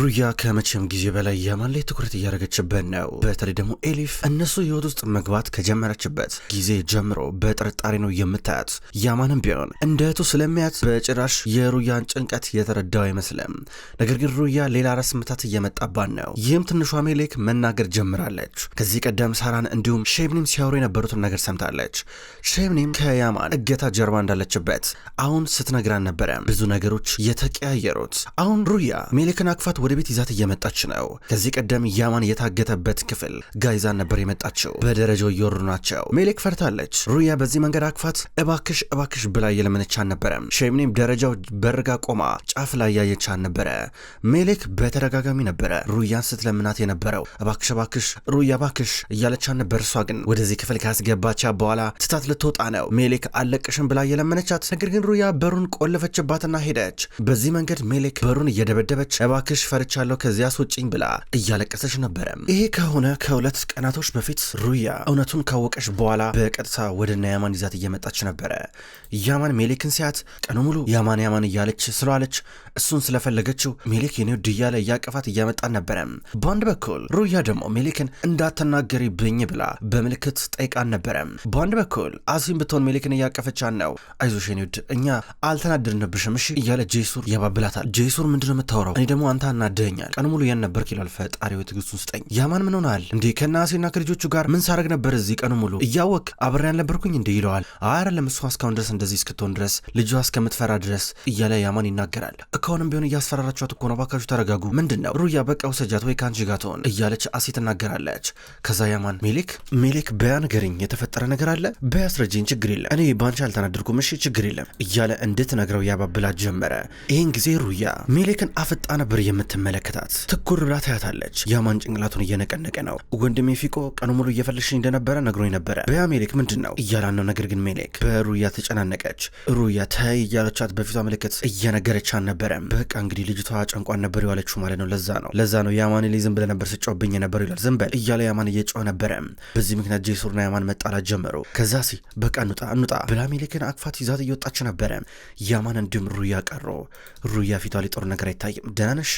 ሩያ ከመቼም ጊዜ በላይ ያማን ላይ ትኩረት እያደረገችበት ነው። በተለይ ደግሞ ኤሊፍ እነሱ ህይወት ውስጥ መግባት ከጀመረችበት ጊዜ ጀምሮ በጥርጣሬ ነው የምታያት። ያማንም ቢሆን እንደ እህቱ ስለሚያት በጭራሽ የሩያን ጭንቀት የተረዳው አይመስልም። ነገር ግን ሩያ ሌላ ራስ ምታት እየመጣባት ነው። ይህም ትንሿ ሜሌክ መናገር ጀምራለች። ከዚህ ቀደም ሳራን እንዲሁም ሼብኒም ሲያወሩ የነበሩትን ነገር ሰምታለች። ሼብኒም ከያማን እገታ ጀርባ እንዳለችበት አሁን ስትነግራን ነበረ። ብዙ ነገሮች የተቀያየሩት አሁን ሩያ ሜሌክን አክፋት ወደ ቤት ይዛት እየመጣች ነው። ከዚህ ቀደም ያማን የታገተበት ክፍል ጋይዛን ነበር የመጣችው። በደረጃው እየወረዱ ናቸው። ሜሌክ ፈርታለች። ሩያ በዚህ መንገድ አክፋት እባክሽ እባክሽ ብላ እየለመነች አልነበረም። ሸምኔም ደረጃው በርጋ ቆማ ጫፍ ላይ ያየች አልነበረ። ሜሌክ በተደጋጋሚ ነበረ ሩያን ስትለምናት የነበረው እባክሽ እባክሽ ሩያ እባክሽ እያለች ነበር። እሷ ግን ወደዚህ ክፍል ካስገባቻ በኋላ ትታት ልትወጣ ነው። ሜሌክ አለቅሽም ብላ እየለመነቻት፣ ነገር ግን ሩያ በሩን ቆለፈችባትና ሄደች። በዚህ መንገድ ሜሌክ በሩን እየደበደበች እባክሽ ፈርቻለሁ ከዚያ አስወጪኝ ብላ እያለቀሰች ነበረ። ይሄ ከሆነ ከሁለት ቀናቶች በፊት ሩያ እውነቱን ካወቀች በኋላ በቀጥታ ወደ ወደና ያማን ይዛት እየመጣች ነበረ። ያማን ሜሌክን ሲያት ቀኑ ሙሉ ያማን ያማን እያለች ስለዋለች እሱን ስለፈለገችው ሜሌክ የኔ ውድ እያለ እያቀፋት እያመጣን ነበረ። በአንድ በኩል ሩያ ደግሞ ሜሌክን እንዳትናገሪ ብኝ ብላ በምልክት ጠይቃን ነበረ። በአንድ በኩል አሲም ብትሆን ሜሌክን እያቀፈቻን ነው። አይዞሽ የኔ ውድ እኛ አልተናደድንብሽም እሺ እያለ ጄሱር ያባብላታል። ጄሱር ምንድነው የምታወራው? እኔ ደግሞ አንተ ያናድኸኛል። ቀን ሙሉ የት ነበርክ ይላል። ፈጣሪው ትዕግስቱን ስጠኝ። ያማን ምን ሆናል እንዴ? ከነአሴና ከልጆቹ ጋር ምን ሳረግ ነበር እዚህ ቀን ሙሉ እያወቅ አብሬ ያልነበርኩኝ እንዴ? ይለዋል። አይደለም እሷ እስካሁን ድረስ እንደዚህ እስክትሆን ድረስ ልጇ እስከምትፈራ ድረስ እያለ ያማን ይናገራል። እካሁንም ቢሆን እያስፈራራችኋት እኮ ነው። እባካችሁ ተረጋጉ። ምንድን ነው ሩያ በቃ ውሰጃት ወይ ከአንቺ ጋር ትሆን እያለች አሴ ትናገራለች። ከዛ ያማን ሜሌክ ሜሌክ በያ ንገረኝ፣ የተፈጠረ ነገር አለ በያ አስረጂኝ፣ ችግር የለም እኔ ባንቺ አልተናደድኩም፣ እሺ ችግር የለም እያለ እንድትነግረው ያባብላት ጀመረ። ይህን ጊዜ ሩያ ሜሌክን አፍጣ ነበር የምት ስትመለከታት ትኩር ብላ ታያታለች። ያማን ጭንቅላቱን እየነቀነቀ ነው። ወንድሜ ፊቆ ቀኑ ሙሉ እየፈለሽኝ እንደነበረ ነግሮኝ ነበረ። በያ ሜሌክ ምንድን ነው እያላን ነው። ነገር ግን ሜሌክ በሩያ ተጨናነቀች። ሩያ ተይ እያለቻት በፊቷ ምልክት እየነገረች አልነበረም። በቃ እንግዲህ ልጅቷ ጨንቋን ነበር የዋለችው ማለት ነው። ለዛ ነው ለዛ ነው ያማን ላይ ዝም ብለህ ነበር ስጮብኝ የነበረው ይላል። ዝም በል እያለ ያማን እየጮኸ ነበረ። በዚህ ምክንያት ጄሱርና ያማን መጣላት ጀመሩ። ከዛ ሲ በቃ እንውጣ እንውጣ ብላ ሜሌክን አቅፋት ይዛት እየወጣች ነበረ። ያማን እንዲሁም ሩያ ቀሮ ሩያ ፊቷ ላይ ጦር ነገር አይታይም። ደህና ነሽ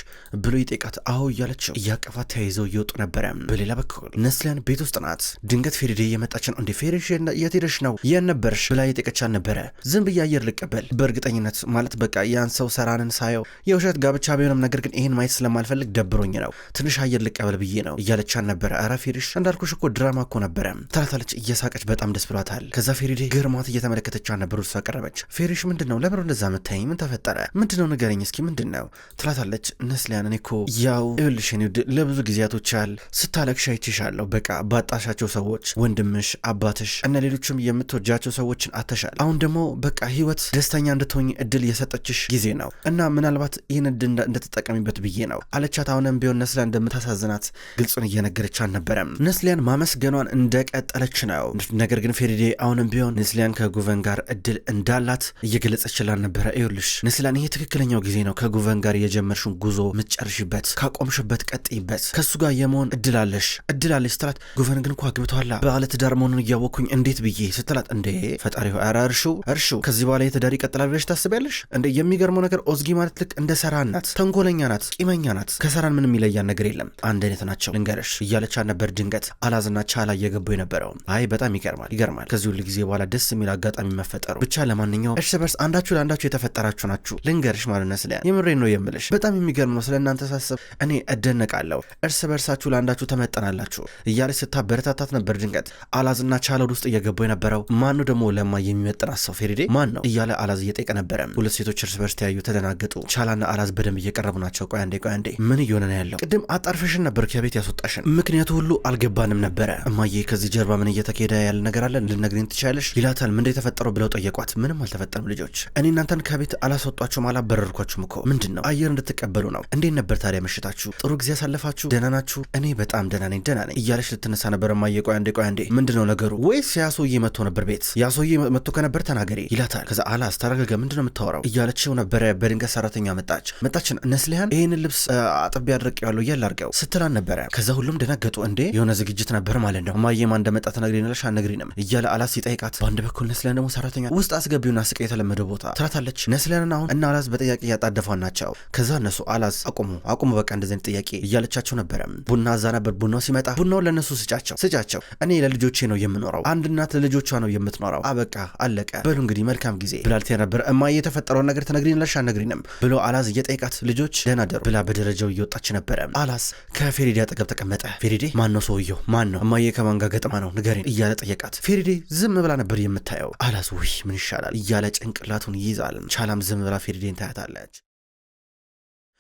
ብሎ ይጠቃት አዎ እያለች እያቀፋት ተያይዘው እየወጡ ነበረ። በሌላ በኩል ነስሊያን ቤት ውስጥ ናት። ድንገት ፌሬዴ እየመጣች ነው። እንዴ ፌሬሽ የት ሄደሽ ነው ነበርሽ? ብላ የጠቀቻት ነበረ። ዝም ብዬ አየር ልቀበል በእርግጠኝነት ማለት በቃ ያን ሰው ሰራንን ሳየው የውሸት ጋብቻ ቢሆንም ነገር ግን ይህን ማየት ስለማልፈልግ ደብሮኝ ነው ትንሽ አየር ልቀበል ብዬ ነው እያለቻን ነበረ። ኧረ ፌሬሽ እንዳልኩሽ እኮ ድራማ እኮ ነበረ ትላታለች እየሳቀች በጣም ደስ ብሏታል። ከዛ ፌሬዴ ግርማት እየተመለከተቻ ነበር። እሷ ቀረበች። ፌሬሽ ምንድን ነው ለምሮ እንደዛ መታኝ ምን ተፈጠረ ምንድን ነው ንገረኝ እስኪ ምንድን ነው ትላታለች ነስሊ ተክሊያን እኔ እኮ ያው ይኸውልሽ የኔ ለብዙ ጊዜያቶች ያህል ስታለቅሽ አይቼሻለሁ። በቃ ባጣሻቸው ሰዎች ወንድምሽ፣ አባትሽ እና ሌሎችም የምትወጃቸው ሰዎችን አተሻል። አሁን ደግሞ በቃ ህይወት ደስተኛ እንድትሆኝ እድል የሰጠችሽ ጊዜ ነው እና ምናልባት ይህን እድል እንደተጠቀሚበት ብዬ ነው አለቻት። አሁንም ቢሆን ነስሊያን እንደምታሳዝናት ግልጹን እየነገረች አልነበረም። ነስሊያን ማመስገኗን እንደቀጠለች ነው። ነገር ግን ፌሪዴ አሁንም ቢሆን ነስሊያን ከጉቨን ጋር እድል እንዳላት እየገለጸችላል ነበረ። ይኸውልሽ ነስሊያን ይሄ ትክክለኛው ጊዜ ነው ከጉቨን ጋር የጀመርሽን ጉዞ ከምትጨርሽበት ካቆምሽበት ቀጥይበት፣ ከእሱ ጋር የመሆን እድላለሽ እድላለሽ ስትላት ጉቨን ግን እኮ አግብተዋላ ባለ ትዳር መሆኑን እያወቅኩኝ እንዴት ብዬ ስትላት፣ እንዴ ፈጣሪ ኧረ እርሺው እርሺው ከዚህ በኋላ የትዳር ይቀጥላል ብለሽ ታስቢያለሽ እንዴ? የሚገርመው ነገር ኦዝጊ ማለት ልክ እንደ ሰራን ናት፣ ተንኮለኛ ናት፣ ቂመኛ ናት። ከሰራን ምንም ይለያን ነገር የለም አንድ አይነት ናቸው ልንገርሽ እያለቻ ነበር። ድንገት አላዝና ቻላ እየገቡ የነበረው አይ በጣም ይገርማል ይገርማል። ከዚህ ሁሉ ጊዜ በኋላ ደስ የሚል አጋጣሚ መፈጠሩ ብቻ ለማንኛውም እርስ በርስ አንዳችሁ ለአንዳችሁ የተፈጠራችሁ ናችሁ ልንገርሽ ማለት ነው። ስለ የምሬ ነው የምልሽ በጣም የሚገርም ነው። ስለ እናንተ ሳስብ እኔ እደነቃለሁ። እርስ በእርሳችሁ ለአንዳችሁ ተመጠናላችሁ እያለች ስታበረታታት ነበር። ድንገት አላዝና ቻለድ ውስጥ እየገቡ የነበረው ማን ነው ደግሞ ለማ የሚመጥናት ሰው ፌሬዴ ማን ነው እያለ አላዝ እየጠየቀ ነበረ። ሁለት ሴቶች እርስ በርስ ተያዩ፣ ተደናገጡ። ቻላና አላዝ በደንብ እየቀረቡ ናቸው። ቆይ አንዴ ቆይ አንዴ፣ ምን እየሆነ ነው ያለው? ቅድም አጣርፈሽን ነበር ከቤት ያስወጣሽን፣ ምክንያቱ ሁሉ አልገባንም ነበረ። እማዬ ከዚህ ጀርባ ምን እየተካሄደ ያለ ነገር አለን ልነግሪኝ ትችያለሽ? ይላታል። ምንድ የተፈጠረው ብለው ጠየቋት። ምንም አልተፈጠረም ልጆች፣ እኔ እናንተን ከቤት አላስወጧችሁም አላበረርኳችሁም እኮ ምንድን ነው አየር እንድትቀበሉ ነው እንዴት ነበር ታዲያ መሽታችሁ? ጥሩ ጊዜ ያሳለፋችሁ? ደህና ናችሁ? እኔ በጣም ደህና ነኝ፣ ደህና ነኝ እያለች ልትነሳ ነበር። እማዬ ቆይ አንዴ ቆይ አንዴ፣ ምንድን ነው ነገሩ? ወይስ ያ ሰውዬ መጥቶ ነበር ቤት? ያ ሰውዬ መጥቶ ከነበር ተናገሬ ይላታል። ከዛ አላስ ተረጋጋ፣ ምንድን ነው የምታወራው እያለችው ነበረ። በድንገት ሰራተኛ መጣች። መጣችን ነስሊሀን ይህን ልብስ አጥቤ አድርቅ ያለው እያል አድርገው ስትላን ነበረ። ከዛ ሁሉም ደነገጡ። እንዴ የሆነ ዝግጅት ነበር ማለት ነው። እማዬ ማን እንደመጣ ተናግሪናለሽ? አነግሪንም እያለ አላስ ይጠይቃት። በአንድ በኩል ነስሊሀን ደግሞ ሰራተኛ ውስጥ አስገቢውና ስቃ የተለመደው ቦታ ትላታለች። ነስሊሀንን አሁን እና አላስ በጥያቄ እያጣደፏን ናቸው። ከዛ እነሱ አላዝ አቁሙ አቁሙ፣ በቃ እንደዚህ ጥያቄ እያለቻቸው ነበረ። ቡና እዛ ነበር። ቡናው ሲመጣ ቡናውን ለእነሱ ስጫቸው ስጫቸው፣ እኔ ለልጆቼ ነው የምኖረው። አንድ እናት ለልጆቿ ነው የምትኖረው። አበቃ አለቀ። በሉ እንግዲህ መልካም ጊዜ ብላልቴ ነበር። እማዬ የተፈጠረውን ነገር ትነግሪን ለሻ ነግሪንም ብሎ አላዝ እየጠየቃት ልጆች ደህና ደሩ ብላ በደረጃው እየወጣች ነበረ። አላዝ ከፌሬዴ አጠገብ ተቀመጠ። ፌሬዴ ማን ነው ሰውየው? ማን ነው እማዬ? ከማን ጋር ገጥማ ነው ንገሪን እያለ ጠየቃት። ፌሬዴ ዝም ብላ ነበር የምታየው። አላዝ ውይ ምን ይሻላል እያለ ጭንቅላቱን ይይዛል። ቻላም ዝም ብላ ፌሬዴን ታያታለች።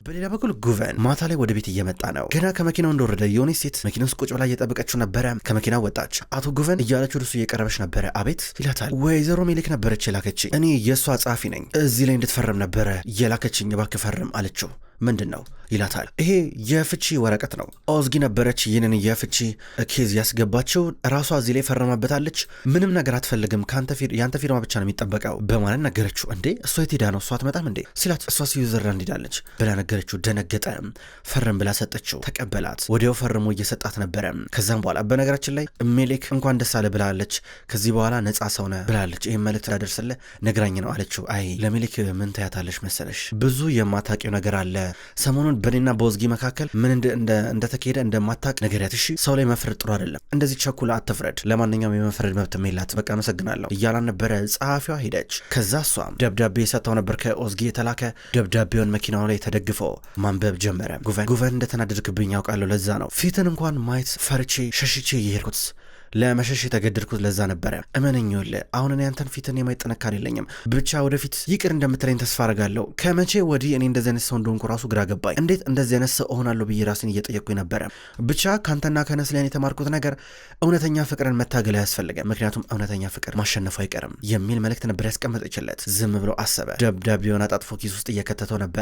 በሌላ በኩል ጉቨን ማታ ላይ ወደ ቤት እየመጣ ነው። ገና ከመኪናው እንደወረደ የሆነች ሴት መኪና ውስጥ ቁጭ ብላ እየጠበቀችው ነበረ። ከመኪናው ወጣች። አቶ ጉቨን እያለች ወደሱ እየቀረበች ነበረ። አቤት ይላታል። ወይዘሮ ሜሌክ ነበረች የላከችኝ። እኔ የእሷ ጸሐፊ ነኝ። እዚህ ላይ እንድትፈርም ነበረ የላከችኝ። እባክህ ፈርም አለችው። ምንድን ነው ይላታል። ይሄ የፍቺ ወረቀት ነው። ኦዝጊ ነበረች ይህንን የፍቺ ኬዝ ያስገባችው። ራሷ እዚህ ላይ ፈረማበታለች። ምንም ነገር አትፈልግም፣ የአንተ ፊርማ ብቻ ነው የሚጠበቀው በማለት ነገረችው። እንዴ እሷ የት ሄዳ ነው? እሷ አትመጣም እንዴ ሲላት፣ እሷ ስዊዘርላንድ ሄዳለች ብላ ነገረችው። ደነገጠ። ፈርም ብላ ሰጠችው። ተቀበላት። ወዲያው ፈርሞ እየሰጣት ነበረ። ከዛም በኋላ በነገራችን ላይ ሜሌክ እንኳን ደስ አለ ብላለች። ከዚህ በኋላ ነፃ ሰው ነህ ብላለች። ይህም መልእክት ላደርስልህ ነግራኝ ነው አለችው። አይ ለሜሌክ ምን ታያታለች መሰለሽ ብዙ የማታውቂው ነገር አለ ሰሞኑን በኔና በወዝጊ መካከል ምን እንደተካሄደ እንደማታቅ ነገርያት። እሺ ሰው ላይ መፍረድ ጥሩ አይደለም። እንደዚህ ቸኩላ አትፍረድ። ለማንኛውም የመፍረድ መብት የላት። በቃ አመሰግናለሁ እያላን ነበረ። ጸሐፊዋ ሄደች። ከዛ እሷም ደብዳቤ የሰጠው ነበር ከኦዝጌ የተላከ ደብዳቤውን መኪናው ላይ ተደግፎ ማንበብ ጀመረ። ጉቨን ጉቨን እንደተናደድክብኝ ያውቃለሁ። ለዛ ነው ፊትን እንኳን ማየት ፈርቼ ሸሽቼ የሄድኩት ለመሸሽ የተገደድኩት ለዛ ነበረ። እመነኝ ወለ አሁን እኔ አንተን ፊትን የማይጠነካር የለኝም። ብቻ ወደፊት ይቅር እንደምትለኝ ተስፋ አርጋለሁ። ከመቼ ወዲህ እኔ እንደዚህ አይነት ሰው እንደሆንኩ ራሱ ግራ ገባኝ። እንዴት እንደዚህ አይነት ሰው እሆናለሁ ብዬ ራሴን እየጠየቅኩኝ ነበረ። ብቻ ከአንተና ከነስሊያን የተማርኩት ነገር እውነተኛ ፍቅርን መታገል ያስፈልገ ምክንያቱም እውነተኛ ፍቅር ማሸነፉ አይቀርም የሚል መልእክት ነበር ያስቀመጠችለት። ዝም ብሎ አሰበ። ደብዳቤውን አጣጥፎ ኪስ ውስጥ እየከተተው ነበረ።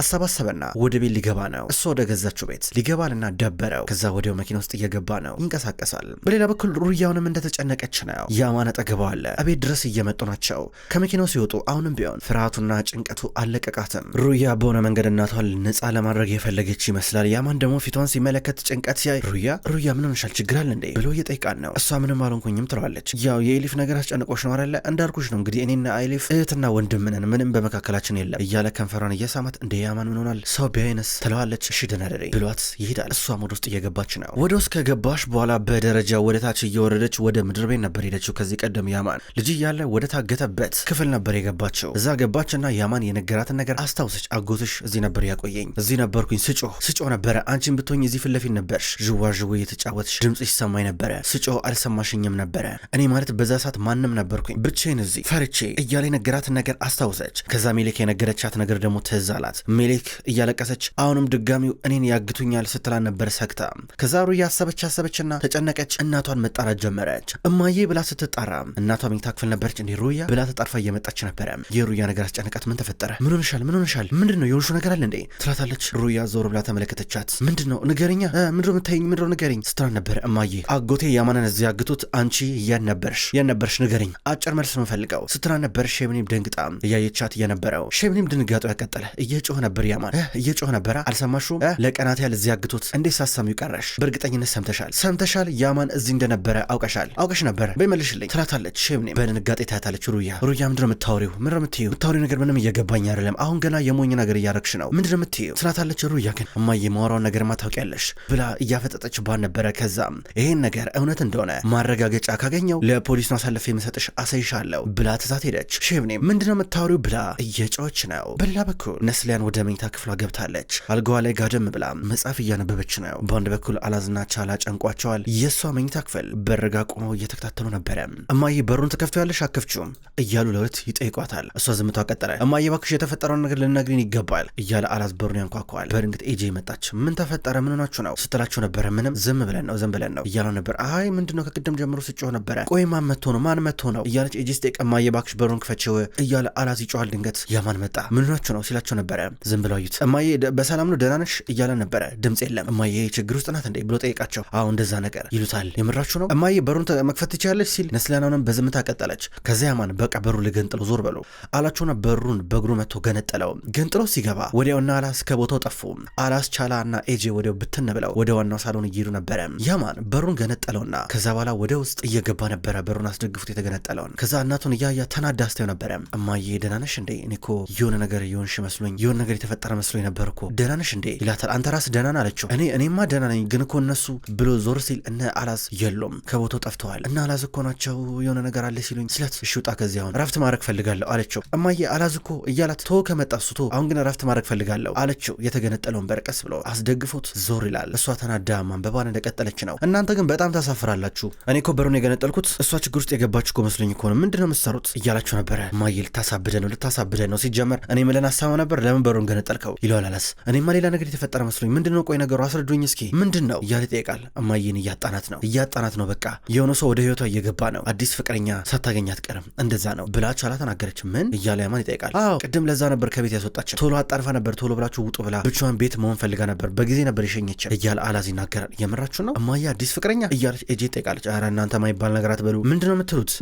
አሰባሰበና ወደ ቤት ሊገባ ነው። እሱ ወደ ገዛችው ቤት ሊገባልና ደበረው። ከዛ ወዲያው መኪና ውስጥ እየገባ ነው፣ ይንቀሳቀሳል። በሌላ በኩል ሩያውንም እንደተጨነቀች ነው። ያማን አጠገቧ አለ። ድረስ እየመጡ ናቸው። ከመኪናው ሲወጡ አሁንም ቢሆን ፍርሃቱና ጭንቀቱ አለቀቃትም። ሩያ በሆነ መንገድ እናቷን ነፃ ለማድረግ የፈለገች ይመስላል። ያማን ደግሞ ፊቷን ሲመለከት ጭንቀት ሲያይ ሩያ ሩያ ምን ሆነሻል? ችግር አለ እንዴ? ብሎ እየጠይቃን ነው። እሷ ምንም አልሆንኩኝም ትለዋለች። ያው የኤሊፍ ነገር አስጨንቆች ነው አለ። እንዳልኩሽ ነው እንግዲህ እኔና አይሊፍ እህትና ወንድም ነን፣ ምንም በመካከላችን የለም እያለ ከንፈሯን እየሳማት እንደ ያማን ምን ሆናል ሰው ቢያይነስ ትለዋለች። እሺ ደህና ደሬ ብሏት ይሄዳል። እሷም ወደ ውስጥ እየገባች ነው። ወደ ውስጥ ከገባሽ በኋላ በደረጃ ወደታች እየወረደች ወደ ምድር ቤት ነበር ሄደችው። ከዚህ ቀደም ያማን ልጅ እያለ ወደ ታገተበት ክፍል ነበር የገባቸው። እዛ ገባችና ያማን የነገራትን ነገር አስታውሰች። አጎትሽ እዚህ ነበር ያቆየኝ፣ እዚህ ነበርኩኝ፣ ስጮ ስጮ ነበረ። አንቺን ብትሆኝ እዚህ ፊት ለፊት ነበርሽ፣ ዥዋ ዥዌ የተጫወትሽ ድምጽ ይሰማኝ ነበረ፣ ስጮ አልሰማሽኝም ነበረ። እኔ ማለት በዛ ሰዓት ማንም ነበርኩኝ፣ ብቻዬን እዚህ ፈርቼ እያለ የነገራትን ነገር አስታውሰች። ከዛ ሜሌክ የነገረቻት ነገር ደግሞ ትዝ አላት። ሜሌክ እያለቀሰች አሁንም ድጋሚው እኔን ያግቱኛል ስትላን ነበር ሰግታ። ከዛ ሩ እያሰበች አሰበችና ተጨነቀች። እናቷን መጣራት ጀመረች። እማዬ ብላ ስትጣራ እናቷ መኝታ ክፍል ነበረች። እንዴ ሩያ ብላ ተጣርፋ እየመጣች ነበረ። የሩያ ነገር አስጨነቃት። ምን ተፈጠረ? ምን ሆነሻል? ምን ሆነሻል? ምንድን ነው የሆንሹ ነገር አለ እንዴ ትላታለች። ሩያ ዞር ብላ ተመለከተቻት። ምንድን ነው ንገረኛ፣ ምንድን ነው የምታየኝ? ምንድን ነው ንገረኝ ስትራ ነበር። እማዬ አጎቴ ያማንን እዚህ ያግቱት አንቺ ያን ነበርሽ፣ ያን ነበርሽ ንገረኝ፣ አጭር መልስ ነው ፈልገው ስትራ ነበር። ሼብኒም ደንግጣ እያየቻት እየነበረው ሼብኒም ድንጋጡ ያቀጠለ እየጮህ ነበር። ያማን እየጮህ ነበረ። አልሰማሹ ለቀናት ያህል እዚህ ያግቱት እንዴት ሳሰሚው ቀረሽ? በእርግጠኝነት ሰምተሻል፣ ሰምተሻል። ያማን እዚህ እንደነበር ነበረ አውቀሻል አውቀሽ ነበረ በይመልሽልኝ ትላታለች። ሼብኔ በድንጋጤ ታያታለች። ሩያ ሩያ ምንድነው የምታወሪው? ምንድነው የምትይው? የምታወሪው ነገር ምንም እየገባኝ አይደለም። አሁን ገና የሞኝ ነገር እያረግሽ ነው። ምንድነው የምትይው? ትላታለች። ሩያ ግን እማዬ የማወራውን ነገር ማታውቂያለሽ ብላ እያፈጠጠች ባል ነበረ። ከዛም ይሄን ነገር እውነት እንደሆነ ማረጋገጫ ካገኘው ለፖሊስ ነው አሳልፌ የምሰጥሽ አሳይሻለሁ ብላ ትዛት ሄደች። ሼብኔ ምንድነው የምታወሪው ብላ እየጮች ነው። በሌላ በኩል ነስሊያን ወደ መኝታ ክፍሏ ገብታለች። አልጋዋ ላይ ጋደም ብላ መጽሐፍ እያነበበች ነው። በአንድ በኩል አላዝና ቻላ ጨንቋቸዋል። የእሷ መኝታ ክፍል ክፍል በረጋ ጋ ቆመው እየተከታተሉ ነበረ። እማዬ በሩን ተከፍቶ ያለሽ አከፍችውም እያሉ ለሁለት ይጠይቋታል። እሷ ዝምቷ ቀጠለ። እማዬ ባክሽ የተፈጠረውን ነገር ልነግሪን ይገባል እያለ አላት በሩን ያንኳኳል። በድንገት ኤጄ መጣች። ምን ተፈጠረ? ምን ሆናችሁ ነው ስትላችሁ ነበረ። ምንም ዝም ብለን ነው ዝም ብለን ነው እያለው ነበር። አይ ምንድን ነው ከቅድም ጀምሮ ስጮህ ነበረ። ቆይ ማን መጥቶ ነው ማን መጥቶ ነው እያለች ኤጄ ስጠይቅ እማዬ ባክሽ በሩን ክፈችው እያለ አላት ይጮኋል። ድንገት ያማን መጣ። ምን ሆናችሁ ነው ሲላቸው ነበረ። ዝም ብለው አዩት። እማዬ በሰላም ነው ደህና ነሽ እያለ ነበረ። ድምፅ የለም። እማዬ ችግር ውስጥ ናት እንዴ ብሎ ጠይቃቸው። አዎ እንደዛ ነገር ይሉታል። የምራችሁ እያደረግሽው ነው እማዬ በሩን መክፈት ትችላለች ሲል ነስሊሀናንም በዝምታ ቀጠለች። ከዚያ ያማን በቃ በሩ ልገንጥለው ዞር በለው አላቸውና በሩን በእግሩ መጥቶ ገነጠለው። ገንጥሎ ሲገባ ወዲያውና አላስ ከቦታው ጠፉ። አላስ ቻላ እና ኤጄ ወዲያው ብትን ብለው ወደ ዋናው ሳሎን እየሄዱ ነበረ። ያማን በሩን ገነጠለውና ከዛ በኋላ ወደ ውስጥ እየገባ ነበረ በሩን አስደግፉት የተገነጠለውን። ከዛ እናቱን እያያ ተናዳ አስተው ነበረ። እማዬ ደህና ነሽ እንዴ? እኔ እኮ የሆነ ነገር የሆንሽ መስሎኝ የሆነ ነገር የተፈጠረ መስሎኝ ነበር እኮ ደህና ነሽ እንዴ ይላታል። አንተ ራስ ደህና ነህ አለችው። እኔ እኔማ ደህና ነኝ ግን እኮ እነሱ ብሎ ዞር ሲል እነ አላስ የሉ የሉም ከቦታው ጠፍተዋል እና አላዝ እኮ ናቸው የሆነ ነገር አለ ሲሉኝ ስለት እሺ ውጣ ከዚህ አሁን ረፍት ማድረግ ፈልጋለሁ አለችው። እማዬ አላዝ እኮ እያላት ቶ ከመጣ እሱ አሁን ግን ረፍት ማድረግ ፈልጋለሁ አለችው። የተገነጠለውን በርቀስ ብሎ አስደግፎት ዞር ይላል። እሷ ተናዳ ማንበቧን እንደቀጠለች ነው። እናንተ ግን በጣም ታሳፍራላችሁ። እኔ እኮ በሩን የገነጠልኩት እሷ ችግር ውስጥ የገባችሁ እኮ መስሎኝ እኮ ነው። ምንድነው የምትሰሩት እያላችሁ ነበረ። እማዬ ልታሳብደ ነው ልታሳብደ ነው ሲጀመር እኔ ምለን አሳማ ነበር ለምን በሩን ገነጠልከው ይለዋል አላዝ። እኔማ ሌላ ነገር የተፈጠረ መስሎኝ ምንድነው ቆይ ነገሩ አስረዱኝ እስኪ ምንድን ነው እያለ ይጠይቃል። እማዬን እያጣናት ነው እያጣናት ማለት ነው በቃ የሆነ ሰው ወደ ህይወቷ እየገባ ነው፣ አዲስ ፍቅረኛ ሳታገኝ አትቀርም፣ እንደዛ ነው ብላችሁ አላተናገረች? ምን እያለ ያማን ይጠይቃል። አዎ ቅድም ለዛ ነበር ከቤት ያስወጣችን፣ ቶሎ አጣርፋ ነበር፣ ቶሎ ብላችሁ ውጡ ብላ ብቻዋን ቤት መሆን ፈልጋ ነበር፣ በጊዜ ነበር የሸኘችን እያለ አላዝ ይናገራል። የምራችሁ ነው እማዬ አዲስ ፍቅረኛ እያለች እጄ ይጠይቃለች። ኧረ እናንተ ማይባል ነገር አትበሉ፣ ምንድን ነው የምትሉት?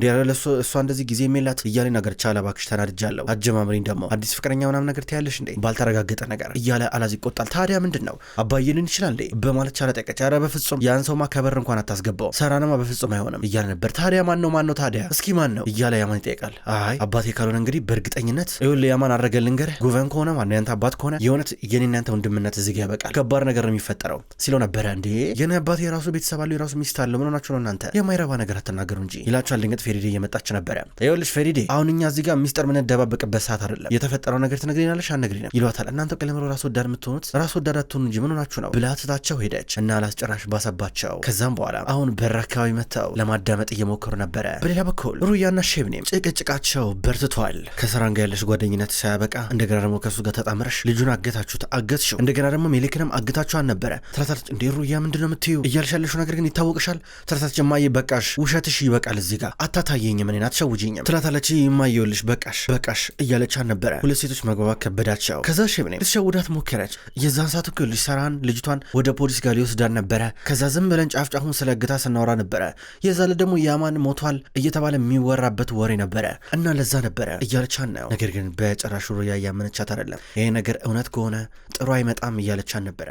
እሷ እንደዚህ ጊዜ የሚላት እያለ ነገር ቻለ፣ እባክሽ ተናድጃለሁ፣ አጀማምሪኝ ደግሞ አዲስ ፍቅረኛ ምናምን ነገር ትያለሽ እንዴ ባልተረጋገጠ ነገር እያለ አላዝ ይቆጣል። ታዲያ ምንድን ነው አባዬ ልን ይችላል እንዴ በማለት ቻለ ጠቀች። ኧረ በፍጹም ያን ሰውማ ከበር እንኳን አታስገባው ሰራንማ በፍጹም አይሆንም እያለ ነበር። ታዲያ ማን ነው ማን ነው ታዲያ እስኪ ማን ነው እያለ ያማን ይጠይቃል። አይ አባቴ ካልሆነ እንግዲህ በእርግጠኝነት ይሁን ያማን አረገልን ገር ጉቨን ከሆነ ማነው ያንተ አባት ከሆነ የእውነት የኔ እናንተ ወንድምነት እዚህ ጋ ያበቃል፣ ከባድ ነገር ነው የሚፈጠረው ሲለው ነበረ። እንዴ የኔ አባቴ የራሱ ቤተሰብ አለው የራሱ ሚስት አለው ምን ሆናችሁ ነው እናንተ? የማይረባ ነገር አትናገሩ እንጂ ይላቸዋል። ድንገት ፌሪዴ እየመጣች ነበረ። ይኸውልሽ ፌሪዴ አሁን እኛ እዚህ ጋር ሚስጥር ምንደባበቅበት ሰዓት አይደለም፣ የተፈጠረው ነገር ትነግሪናለሽ አንነግሪንም ይሏታል። እናንተ ቀለምሮ ራስ ወዳድ የምትሆኑት ራስ ወዳድ አትሆኑ እንጂ ምን ሆናችሁ ነው ብላ ትታቸው ሄደች እና አላስጨራሽ ባሰባቸው። ከዛም በኋላ አሁን በ በር አካባቢ መጥተው ለማዳመጥ እየሞከሩ ነበረ። በሌላ በኩል ሩያና ሼብኔም ጭቅጭቃቸው በርትቷል። ከሰራን ጋር ያለሽ ጓደኝነት ሳያበቃ እንደገና ደግሞ ከሱ ጋር ተጣምረሽ ልጁን አገታችሁት፣ አገትሽው፣ እንደገና ደግሞ ሜሌክንም አገታችኋን ነበረ ትላታለች። እንዴ ሩያ ምንድነው የምትዩ እያልሽ ያለሽው ነገር ግን ይታወቅሻል ትላታለች። እማዬ በቃሽ፣ ውሸትሽ ይበቃል፣ እዚህ ጋር አታታየኝም፣ እኔን አትሸውጅኝም ትላታለች። እማየውልሽ በቃሽ፣ በቃሽ እያለቻን ነበረ። ሁለት ሴቶች መግባባት ከበዳቸው። ከዛ ሼብኔም ልትሸውዳት ሞከረች። የዛን ሰዓት እኮ ልጅ ሰራን ልጅቷን ወደ ፖሊስ ጋር ሊወስዳን ነበረ። ከዛ ዝም ብለን ጫፍጫፉን ጫፉን ስለግታ ስና ስናወራ ነበረ። የዛለ ደግሞ ያማን ሞቷል እየተባለ የሚወራበት ወሬ ነበረ እና ለዛ ነበረ እያለቻን ነው። ነገር ግን በጭራሹ ሩያ እያመነቻት አይደለም። ይሄ ነገር እውነት ከሆነ ጥሩ አይመጣም እያለቻን ነበረ።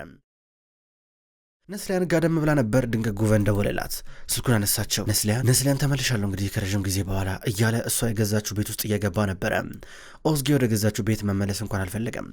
ነስሊያን ጋደም ብላ ነበር። ድንገት ጉቨን ደወለላት። ስልኩን አነሳቸው። ነስሊያን ነስሊያን ተመልሻለሁ እንግዲህ ከረዥም ጊዜ በኋላ እያለ እሷ የገዛችው ቤት ውስጥ እየገባ ነበረ። ኦዝጌ ወደ ገዛችው ቤት መመለስ እንኳን አልፈለገም።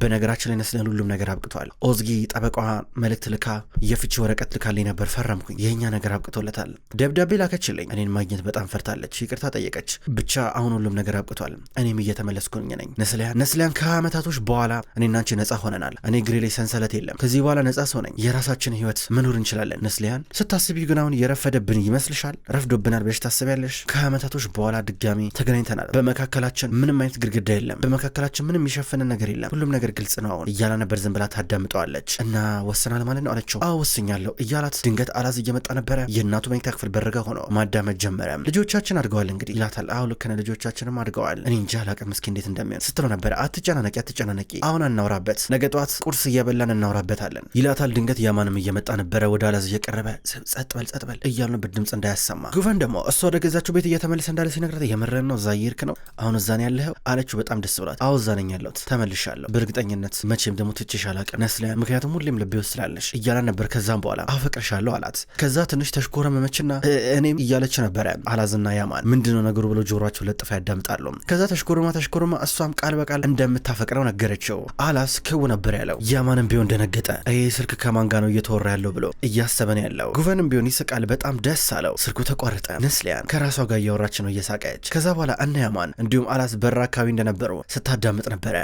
በነገራችን ላይ ነስሊያን ሁሉም ነገር አብቅቷል። ኦዝጊ ጠበቋ መልእክት ልካ የፍቺ ወረቀት ልካልኝ ነበር፣ ፈረምኩኝ። የእኛ ነገር አብቅቶለታል። ደብዳቤ ላከችልኝ። እኔን ማግኘት በጣም ፈርታለች፣ ይቅርታ ጠየቀች። ብቻ አሁን ሁሉም ነገር አብቅቷል። እኔም እየተመለስኩኝ ነኝ። ነስሊያን ነስሊያን ከዓመታቶች በኋላ እኔና ነጻ ሆነናል። እኔ ግሬ ላይ ሰንሰለት የለም። ከዚህ በኋላ ነጻ ሰው ነኝ። የራሳችን የራሳችን ህይወት መኖር እንችላለን። ነስሊያን ስታስቢው ግን አሁን የረፈደብን ይመስልሻል? ረፍዶብናል ብለሽ ታስቢያለሽ? ከአመታቶች በኋላ ድጋሚ ተገናኝተናል። በመካከላችን ምንም አይነት ግድግዳ የለም። በመካከላችን ምንም የሚሸፍንን ነገር የለም። ሁሉም ነገር ግልጽ ነው አሁን እያላ ነበር። ዝም ብላ ታዳምጠዋለች እና ወስናል ማለት ነው አለችው። አዎ ወስኛለሁ እያላት ድንገት አላዝ እየመጣ ነበረ። የእናቱ መኝታ ክፍል በረጋ ሆኖ ማዳመጥ ጀመረ። ልጆቻችን አድገዋል እንግዲህ ይላታል። አዎ ልክ ነህ፣ ልጆቻችንም አድገዋል። እኔ እንጃ አላቅም እስኪ እንዴት እንደሚሆን ስትለው ነበረ። አትጨናነቂ አትጨናነቂ፣ አሁን አናውራበት፣ ነገ ጠዋት ቁርስ እየበላን እናውራበታለን ይላታል። ድንገት ያማንም እየመጣ ነበረ። ወደ አላዝ እየቀረበ ጸጥ በል ጸጥ በል እያሉ ነበር፣ ድምፅ እንዳያሰማ። ጉቨን ደግሞ እሷ ወደ ገዛቸው ቤት እየተመለሰ እንዳለ ሲነግራት የምረን ነው እዛ እየሄድክ ነው አሁን እዛ ነው ያለኸው አለችው፣ በጣም ደስ ብሏት። አዎ እዛ ነኝ ያለሁት ተመልሻለሁ፣ በእርግጠኝነት መቼም ደግሞ ትችሽ አላቅም ነስሊያን፣ ምክንያቱም ሁሌም ልቤ ውስጥ ስላለሽ እያላን ነበር። ከዛም በኋላ አፈቅርሻለሁ አላት። ከዛ ትንሽ ተሽኮረ መመችና እኔም እያለች ነበረ። አላዝና ያማን ምንድነው ነገሩ ብሎ ጆሮቸውን ለጥፋ ያዳምጣሉ። ከዛ ተሽኮርማ ተሽኮርማ እሷም ቃል በቃል እንደምታፈቅረው ነገረችው። አላስ ክው ነበር ያለው። ያማንም ቢሆን ደነገጠ። ይህ ስልክ ከማን ጋ ነው እየተወራ ያለው ብሎ እያሰበን ያለው። ጉቨንም ቢሆን ይስቃል፣ በጣም ደስ አለው። ስልኩ ተቋረጠ። ነስሊያን ከራሷ ጋር እያወራች ነው እየሳቀች። ከዛ በኋላ እነ እንዲሁም አላስ በራ አካባቢ እንደነበሩ ስታዳምጥ ነበረ።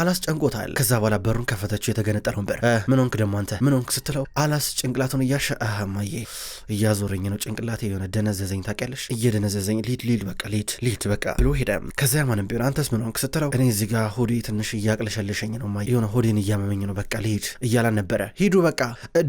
አላስ ጨንቆታል። ከዛ በኋላ በሩን ከፈተችው። የተገነጠለ ወንበር ምን ሆንክ ደግሞ አንተ ምን ሆንክ ስትለው አላስ ጭንቅላቱን እያሸ ማዬ እያዞረኝ ነው ጭንቅላቴ የሆነ ደነዘዘኝ ታውቂያለሽ፣ እየደነዘዘኝ ሊድ ሊድ በቃ ሊድ ሊድ በቃ ብሎ ሄደም። ከዛ ያማንም ቢሆን አንተስ ምን ሆንክ ስትለው እኔ እዚህ ጋር ሆዴ ትንሽ እያቅለሸለሸኝ ነው ማየ የሆነ ሆዴን እያመመኝ ነው በቃ ሊድ እያላን ነበረ። ሂዱ በቃ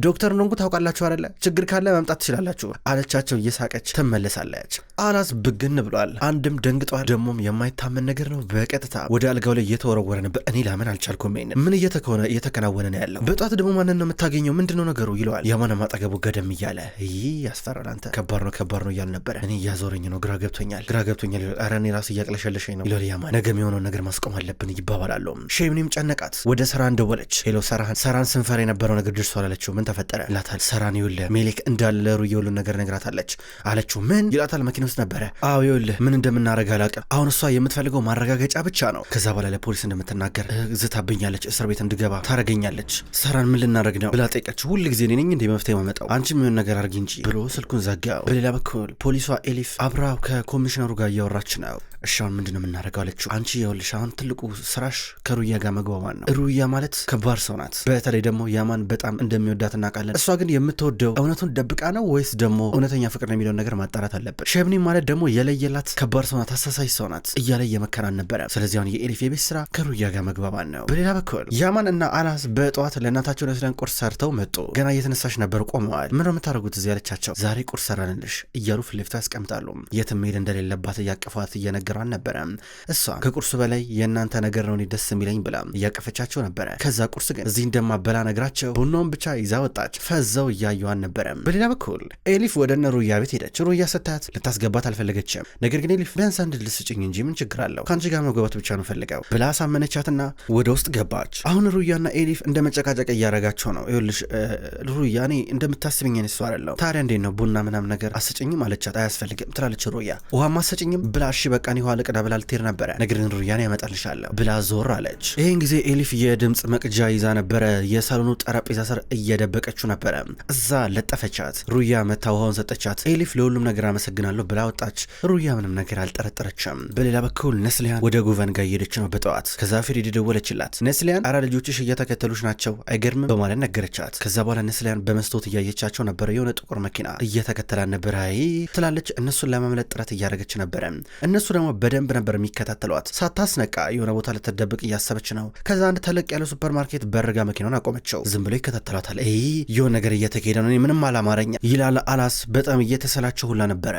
ዶክተር ኖንጉ ታውቃላችሁ አደለ? ችግር ካለ መምጣት ትችላላችሁ አለቻቸው እየሳቀች ትመለሳለች። አላዝ ብግን ብሏል። አንድም ደንግጧል፣ ደግሞም የማይታመን ነገር ነው። በቀጥታ ወደ አልጋው ላይ እየተወረወረ ነበር። እኔ ላምን አልቻልኩም። ይን ምን እየተከሆነ እየተከናወነ ነው ያለው? በጧት ደግሞ ማንን ነው የምታገኘው? ምንድነው ነገሩ ይለዋል። የማነ ማጠገቡ ገደም እያለ ይህ ያስፈራል። አንተ ከባድ ነው ከባድ ነው እያል ነበረ። እኔ እያዞረኝ ነው፣ ግራ ገብቶኛል፣ ግራ ገብቶኛል ይለዋል። ኧረ እኔ ራሱ እያቅለሸለሸኝ ነው ይለዋል። ያማ ነገ የሚሆነውን ነገር ማስቆም አለብን ይባባላሉ። ሼምኒም ጨነቃት። ወደ ሰራን ደወለች። ሄሎ ሰራን፣ ሰራን ስንፈራ የነበረው ነገር ድርሷል አለችው። ምን ተፈጠረ ይላታል። ሰራን ይውል ሜሌክ እንዳለ ሩዬ ሁሉን ነገር ነግራታለች አለችው። ምን ይላታል። መኪና ውስጥ ነበረ። አዎ ይውል ምን እንደምናረግ አላውቅም። አሁን እሷ የምትፈልገው ማረጋገጫ ብቻ ነው። ከዛ በኋላ ለፖሊስ እንደምትናገር ዝታብኛለች፣ እስር ቤት እንድገባ ታረገኛለች። ሰራን ምን ልናደረግ ነው ብላ ጠይቀች። ሁል ጊዜ እኔ ነኝ እንደ መፍትሄ ማመጣው አንቺ የሚሆን ነገር አድርጊ እንጂ ብሎ ስልኩን ዘጋው። በሌላ በኩል ፖሊሷ ኤሊፍ አብራ ከኮሚሽነሩ ጋር እያወራች ነው። እሻውን አሁን ምንድን ነው የምናደርገው አለችው። አንቺ ይኸውልሽ አሁን ትልቁ ስራሽ ከሩያ ጋር መግባባን ነው። ሩያ ማለት ከባድ ሰው ናት። በተለይ ደግሞ ያማን በጣም እንደሚወዳት እናውቃለን። እሷ ግን የምትወደው እውነቱን ደብቃ ነው ወይስ ደግሞ እውነተኛ ፍቅር ነው የሚለውን ነገር ማጣራት አለብን። ሸብኒ ማለት ደግሞ የለየላት ከባድ ሰውናት፣ ናት፣ ሰውናት እያለ የመከራን ነበረ። ስለዚህ አሁን የኤሊፍ የቤት ስራ ከሩያ ጋር መግባባን ነው። በሌላ በኩል ያማን እና አናስ በጠዋት ለእናታቸው ለስለን ቁርስ ሰርተው መጡ። ገና እየተነሳሽ ነበር ቆመዋል። ምነው የምታደርጉት እዚህ ያለቻቸው፣ ዛሬ ቁርስ ሰራንልሽ እያሉ ፊት ለፊቷ ያስቀምጣሉ። የትም መሄድ እንደሌለባት እያቀፏት እየነገሯን ነበረ። እሷ ከቁርሱ በላይ የእናንተ ነገር ነው እኔ ደስ የሚለኝ ብላ እያቀፈቻቸው ነበረ። ከዛ ቁርስ ግን እዚህ እንደማበላ ነግራቸው ቡናውን ብቻ ይዛ ወጣች። ፈዘው እያየው አልነበረም። በሌላ በኩል ኤሊፍ ወደ እነ ሩያ ቤት ሄደች። ሩያ ስታት ልታስገባት አልፈለገችም። ነገር ግን ኤሊፍ ቢያንስ አንድ ልስ ጭኝ እንጂ ምን ችግር አለው ከአንቺ ጋር መግባት ብቻ ነው ፈልገው ብላ አሳመነቻትና ወደ ውስጥ ገባች። አሁን ሩያና ኤሊፍ እንደ መጨቃጨቅ እያረጋቸው ነው። ይኸውልሽ ሩያ እኔ እንደምታስብኝ እሱ አለው። ታዲያ እንዴት ነው ቡና ምናምን ነገር አሰጭኝም አለቻት። አያስፈልግም ትላለች ሩያ። ውሃም አሰጭኝም ብላ እሺ በቃ እኔ ውሃ ልቅዳ ብላ ልትሄድ ነበረ። ነገር ግን ሩያን ያመጣልሻለሁ ብላ ዞር አለች። ይህን ጊዜ ኤሊፍ የድምፅ መቅጃ ይዛ ነበረ የሳሎኑ ጠረጴዛ ስር እየደበ እየጠበቀችው ነበረ። እዛ ለጠፈቻት። ሩያ መታ ውሃውን ሰጠቻት። ኤሊፍ ለሁሉም ነገር አመሰግናለሁ ብላ ወጣች። ሩያ ምንም ነገር አልጠረጠረችም። በሌላ በኩል ነስሊያን ወደ ጉቨን ጋር እየሄደች ነው በጠዋት። ከዛ ፊሪድ ደወለችላት። ነስሊያን አራ ልጆችሽ እየተከተሉች ናቸው አይገርምም በማለት ነገረቻት። ከዛ በኋላ ነስሊያን በመስታወት እያየቻቸው ነበረ። የሆነ ጥቁር መኪና እየተከተላን ነበረ አይ ትላለች። እነሱን ለማምለጥ ጥረት እያደረገች ነበረ። እነሱ ደግሞ በደንብ ነበር የሚከታተሏት። ሳታስነቃ የሆነ ቦታ ልትደብቅ እያሰበች ነው። ከዛ አንድ ተለቅ ያለ ሱፐርማርኬት በርጋ መኪናውን አቆመችው። ዝም ብሎ ይከታተሏታል። ይ ይህ የሆነ ነገር እየተካሄደ ነው፣ ምንም አላማረኛ ይላል አላስ። በጣም እየተሰላቸው ሁላ ነበረ።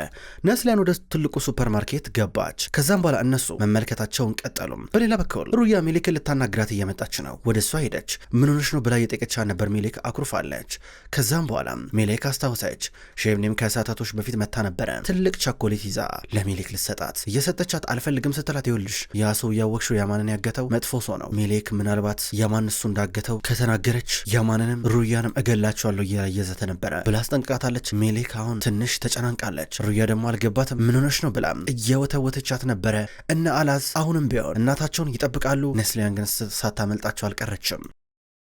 ነስሊያን ወደ ትልቁ ሱፐርማርኬት ገባች። ከዛም በኋላ እነሱ መመልከታቸውን ቀጠሉም። በሌላ በኩል ሩያ ሜሊክን ልታናግራት እየመጣች ነው። ወደ እሷ ሄደች። ምን ሆነች ነው ብላ እየጠየቀቻ ነበር። ሜሌክ አኩርፋለች። ከዛም በኋላ ሜሌክ አስታውሰች። ሼቭኒም ከሰዓታቶች በፊት መታ ነበረ ትልቅ ቸኮሌት ይዛ ለሜሌክ ልሰጣት እየሰጠቻት አልፈልግም ስትላት ይኸውልሽ ያ ሰው እያወቅሽው ያማንን ያገተው መጥፎ ሰው ነው። ሜሌክ ምናልባት ያማን እሱ እንዳገተው ከተናገረች ያማንንም ሩያንም እገላቸዋለሁ እያየዘተ ነበረ ብላ አስጠንቅቃታለች። ሜሌክ አሁን ትንሽ ተጨናንቃለች። ሩያ ደግሞ አልገባትም። ምን ነው ብላም እየወተወተቻት ነበረ። እነ አላዝ አሁንም ቢሆን እናታቸውን ይጠብቃሉ። ነስሊያን ግን ሳታመልጣቸው አልቀረችም።